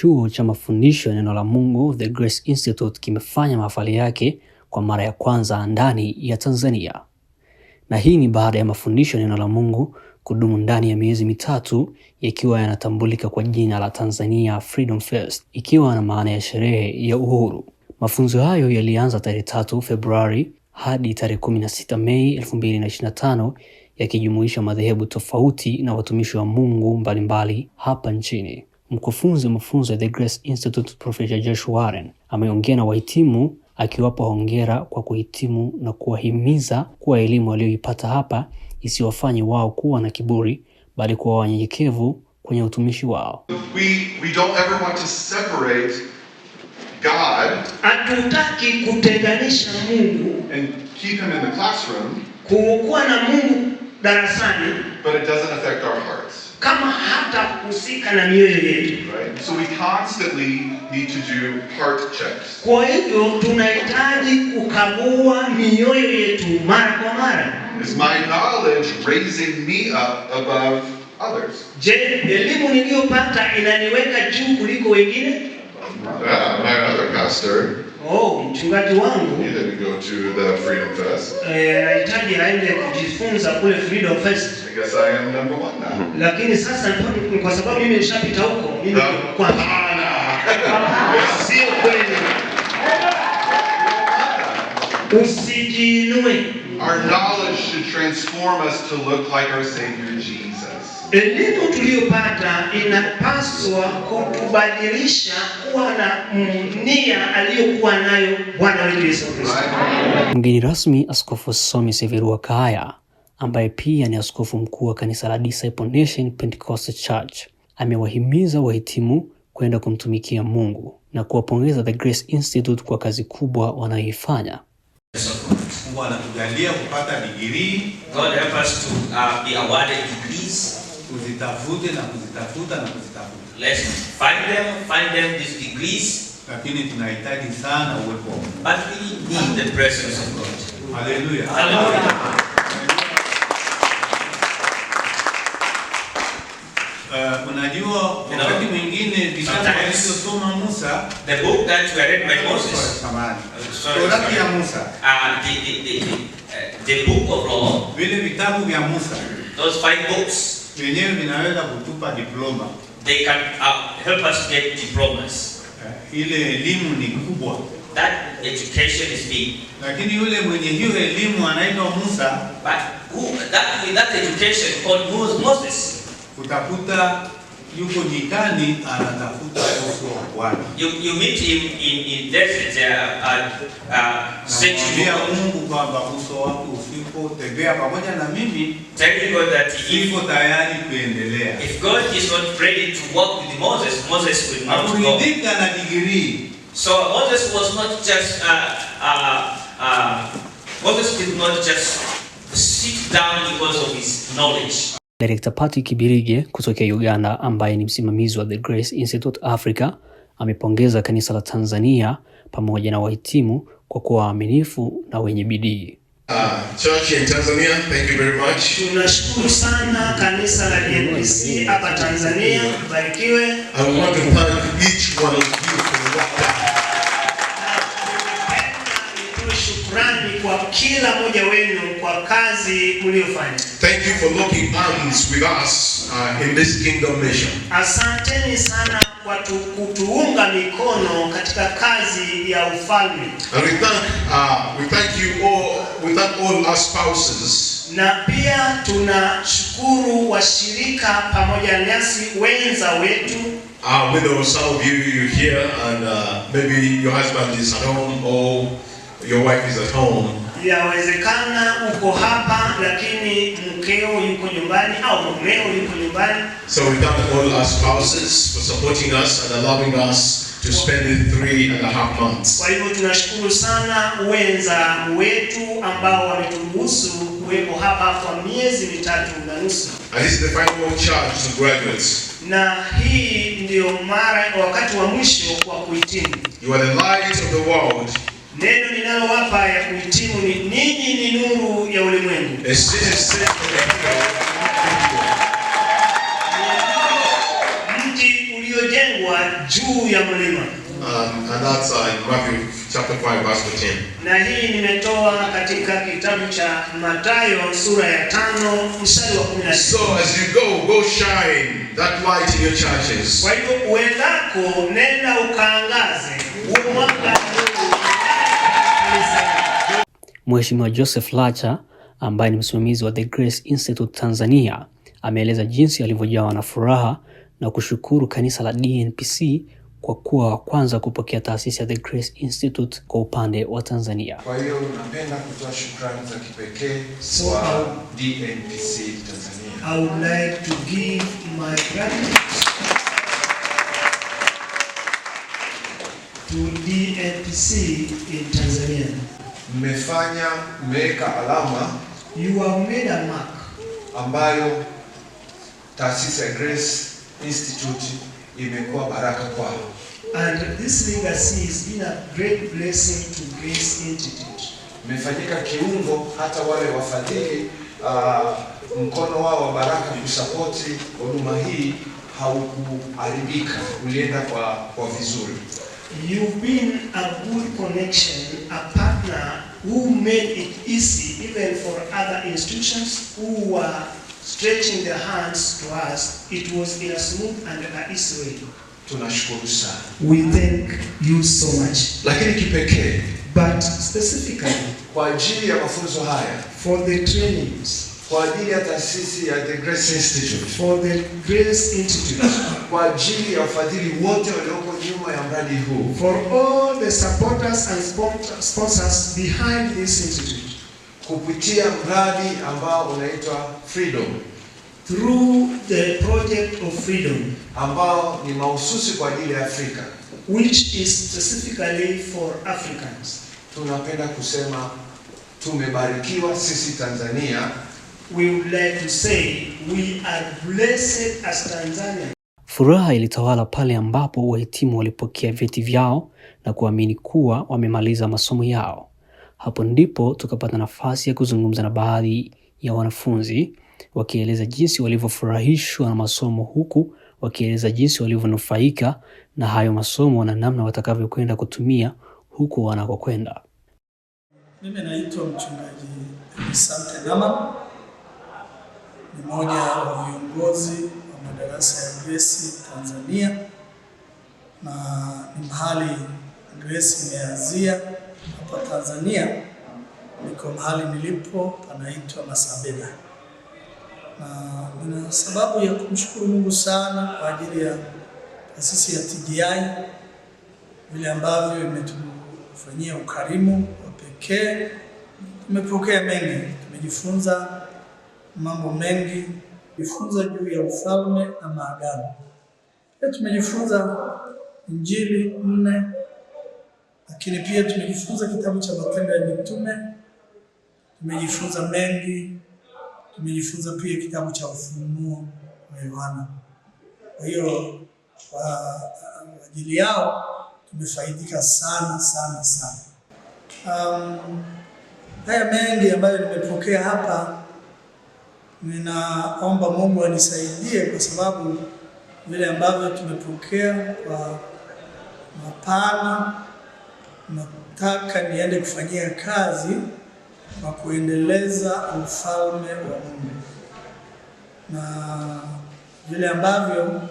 Chuo cha Mafundisho ya Neno la Mungu, The Grace Institute, kimefanya mahafali yake kwa mara ya kwanza ndani ya Tanzania, na hii ni baada ya mafundisho ya Neno la Mungu kudumu ndani ya miezi mitatu yakiwa yanatambulika kwa jina la Tanzania Freedom Fest, ikiwa na maana ya sherehe ya uhuru. Mafunzo hayo yalianza tarehe tatu Februari hadi tarehe 16 Mei 2025 yakijumuisha madhehebu tofauti na watumishi wa Mungu mbalimbali mbali hapa nchini. Mkufunzi mafunzo ya The Grace Institute Professor Josh Warren ameongea na wahitimu akiwapa hongera kwa kuhitimu na kuwahimiza kuwa elimu waliyoipata hapa isiwafanye wao kuwa na kiburi bali kuwa wanyenyekevu kwenye utumishi wao. Hatutaki kutenganisha Mungu kuokuwa na Mungu darasani, but it doesn't affect our hearts kama hata hatahusika na mioyo yetu. Right? So we constantly need to do heart checks. Kwa hivyo tunahitaji kukagua mioyo yetu mara kwa mara. Is my knowledge raising me up above others? Je, elimu niliyopata inaniweka juu kuliko wengine? Uh, my other pastor. Oh, mchungaji wangu. He didn't go to the Freedom Fest. Eh, anahitaji aende kujifunza kule Freedom Fest. Lakini sasa kwa sababu mimi nishapita huko, mimi kwa hapana. Sio kweli. usijinue Our knowledge should transform us to look like our Savior Jesus. Elimu tuliyopata inapaswa kutubadilisha kuwa na nia aliyokuwa nayo Bwana Yesu Kristo. Mgeni rasmi Askofu Somi Severu Kaya ambaye pia ni askofu mkuu wa kanisa la Disciple Nation Church amewahimiza wahitimu kwenda kumtumikia Mungu na kuwapongeza The Grace Institute kwa kazi kubwa wanayoifanya. kupata kuzitafute uh, na kuzitafuta na kuzitafuta lakini tunahitaji sana uwepo But we need the presence of God. Hallelujah. Hallelujah. Uh, unajua wakati mwingine vitabu alivyosoma Musa, the book that we read by Moses, oh, Torati ya Musa, uh, the, the, the, uh, the book of law, vile vitabu vya Musa, those five books vyenyewe vinaweza kutupa diploma, they can uh, help us get diplomas. Uh, ile elimu ni kubwa, that education is big, lakini yule mwenye hiyo elimu anaitwa Musa, but who that with that education called Moses utakuta yuko jikani anatafuta kuku wa bwana. You you meet him in in desert uh, uh, searching Mungu kwamba uso wako usipo tembea pamoja na mimi, telling God that if tayari kuendelea. If God is not ready to walk with Moses, Moses will not go. Hakuridhika na degree. So Moses was not just uh, uh, uh, Moses did not just sit down because of his knowledge. Director Patrick Kibirige kutokea Uganda ambaye ni msimamizi wa The Grace Institute Africa amepongeza kanisa la Tanzania pamoja na wahitimu kwa kuwa waaminifu na wenye bidii. Uh, church in Tanzania, thank you very much. Tunashukuru sana kanisa la DMC hapa Tanzania, barikiwe. I want to thank each one of you for kwa kila mmoja wenu kwa kazi mliyofanya. Thank you for locking arms with us uh, in this kingdom mission. Asanteni sana kwa kutuunga mikono katika kazi ya ufalme. And we thank uh, we thank you all we thank all our spouses na pia tunashukuru washirika pamoja nasi wenza wetu. Uh, we some of you, you here and uh, maybe your husband is at home or your wife is at home. Yawezekana uko hapa lakini mkeo yuko nyumbani au mumeo yuko nyumbani. So we thank all our spouses for supporting us and allowing us to spend the three and a half months. Kwa hivyo tunashukuru sana wenza wetu ambao wameturuhusu kuwepo hapa kwa miezi mitatu na nusu. And this is the final charge to graduates. Na hii ndio mara wakati wa mwisho kwa kuhitimu. You are the light of the world. Neno ninalowapa ya kuhitimu ni ninyi ni nuru ya ulimwengu. Mji uliojengwa juu ya mlima. Um, and that's uh, in Matthew chapter 5 verse 10. Na hii nimetoa katika kitabu cha Mathayo sura ya 5 mstari wa 16. So as you go, go shine that light in your churches. Kwa hivyo uendako, nenda ukaangaze. Huo Mheshimiwa Joseph Lacha ambaye ni msimamizi wa The Grace Institute Tanzania ameeleza jinsi alivyojawa na furaha na kushukuru kanisa la DNPC kwa kuwa wa kwanza kupokea taasisi ya The Grace Institute kwa upande wa Tanzania. Kwa hiyo napenda kutoa shukrani za kipekee so wa uh, DNPC Tanzania. I would like to give my gratitude to DNPC in Tanzania mmefanya mmeweka alama you have made a mark ambayo taasisi ya Grace Institute imekuwa baraka kwao. And this legacy has been a great blessing to Grace Institute. Imefanyika kiungo hata wale wafadhili uh, mkono wao wa baraka kusapoti huduma hii haukuharibika, ulienda kwa, kwa vizuri. You've been a good connection, a partner who made it easy even for other institutions who were stretching their hands to us. It was in a smooth and an easy way. Tunashukuru sana. We thank you so much. Lakini kipekee, but specifically, kwa ajili ya mafunzo haya, for the trainings kwa ajili ya taasisi ya The Grace Institute, for the Grace Institute, kwa ajili ya wafadhili wote walioko nyuma ya mradi huu, for all the supporters and sponsors behind this institute, kupitia mradi ambao unaitwa Freedom, through the project of Freedom, ambao ni mahususi kwa ajili ya Afrika, which is specifically for Africans. Tunapenda kusema tumebarikiwa sisi Tanzania we would like to say we are blessed as Tanzania. Furaha ilitawala pale ambapo wahitimu walipokea vyeti vyao na kuamini kuwa wamemaliza masomo yao. Hapo ndipo tukapata nafasi ya kuzungumza na baadhi ya wanafunzi wakieleza jinsi walivyofurahishwa na masomo huku wakieleza jinsi walivyonufaika na hayo masomo na namna watakavyokwenda kutumia huku wanakokwenda. Mimi naitwa mchungaji Sante Nama ni mmoja wa viongozi wa madarasa ya Grace Tanzania, na ni mahali Grace imeanzia hapa Tanzania. Niko mahali nilipo panaitwa Masabela, na nina sababu ya kumshukuru Mungu sana kwa ajili ya taasisi ya TGI vile ambavyo imetufanyia ukarimu wa pekee. Tumepokea mengi, tumejifunza mambo mengi jifunza juu ya ufalme na maagano. Pia tumejifunza Injili nne, lakini pia tumejifunza kitabu cha Matendo ya Mitume, tumejifunza mengi, tumejifunza pia kitabu cha Ufunuo wa Yohana. Kwa hiyo kwa ajili yao tumefaidika sana sana sana. Um, haya mengi ambayo nimepokea hapa Ninaomba Mungu anisaidie kwa sababu vile ambavyo tumepokea kwa mapana, nataka niende kufanyia kazi kwa kuendeleza ufalme wa Mungu na vile ambavyo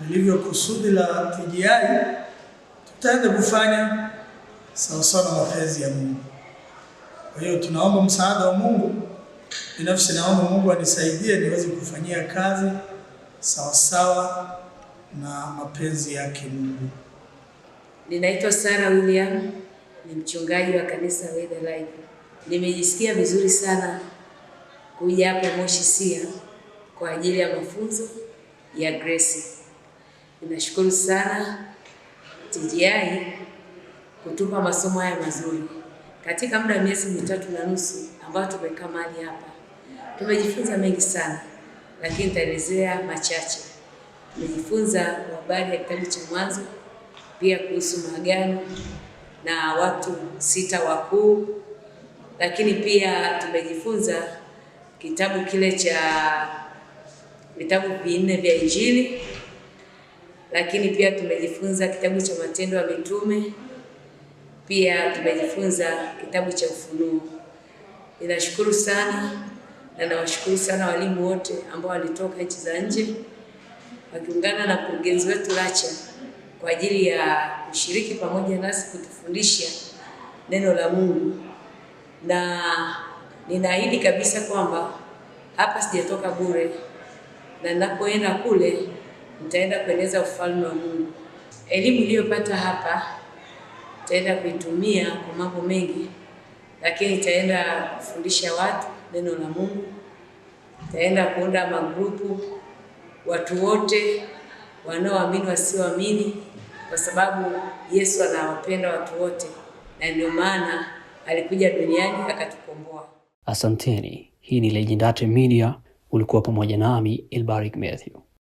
lilivyo ah, kusudi la TGI tutaenda kufanya sawasawa na mapenzi ya Mungu. Kwa hiyo tunaomba msaada wa Mungu Binafsi naomba Mungu anisaidie niweze kufanyia kazi sawasawa na mapenzi yake Mungu. Ninaitwa Sara William, ni mchungaji wa kanisa Wede Life. Nimejisikia vizuri sana kuja hapa Moshi sia kwa ajili ya mafunzo ya Grace. Ninashukuru sana TGI kutupa masomo haya mazuri. Katika muda wa miezi mitatu na nusu ambayo tumekaa mahali hapa, tumejifunza mengi sana, lakini nitaelezea machache. Tumejifunza habari ya kitabu cha Mwanzo, pia kuhusu maagano na watu sita wakuu, lakini pia tumejifunza kitabu kile cha vitabu vinne vya Injili, lakini pia tumejifunza kitabu cha Matendo ya Mitume pia tumejifunza kitabu cha Ufunuo. Ninashukuru sana na nawashukuru sana walimu wote ambao walitoka nchi za nje wakiungana na mkurugenzi wetu Lacha kwa ajili ya kushiriki pamoja nasi kutufundisha neno la Mungu, na ninaahidi kabisa kwamba hapa sijatoka bure, na ninapoenda kule nitaenda kueneza ufalme wa Mungu. Elimu iliyopata hapa itaenda kuitumia kwa mambo mengi, lakini itaenda kufundisha watu neno la Mungu, itaenda kuunda magrupu, watu wote wanaoamini, wasioamini, kwa sababu Yesu anawapenda watu wote, na ndio maana alikuja duniani akatukomboa. Asanteni. Hii ni Legendate Media, ulikuwa pamoja nami Elbarik Matthew.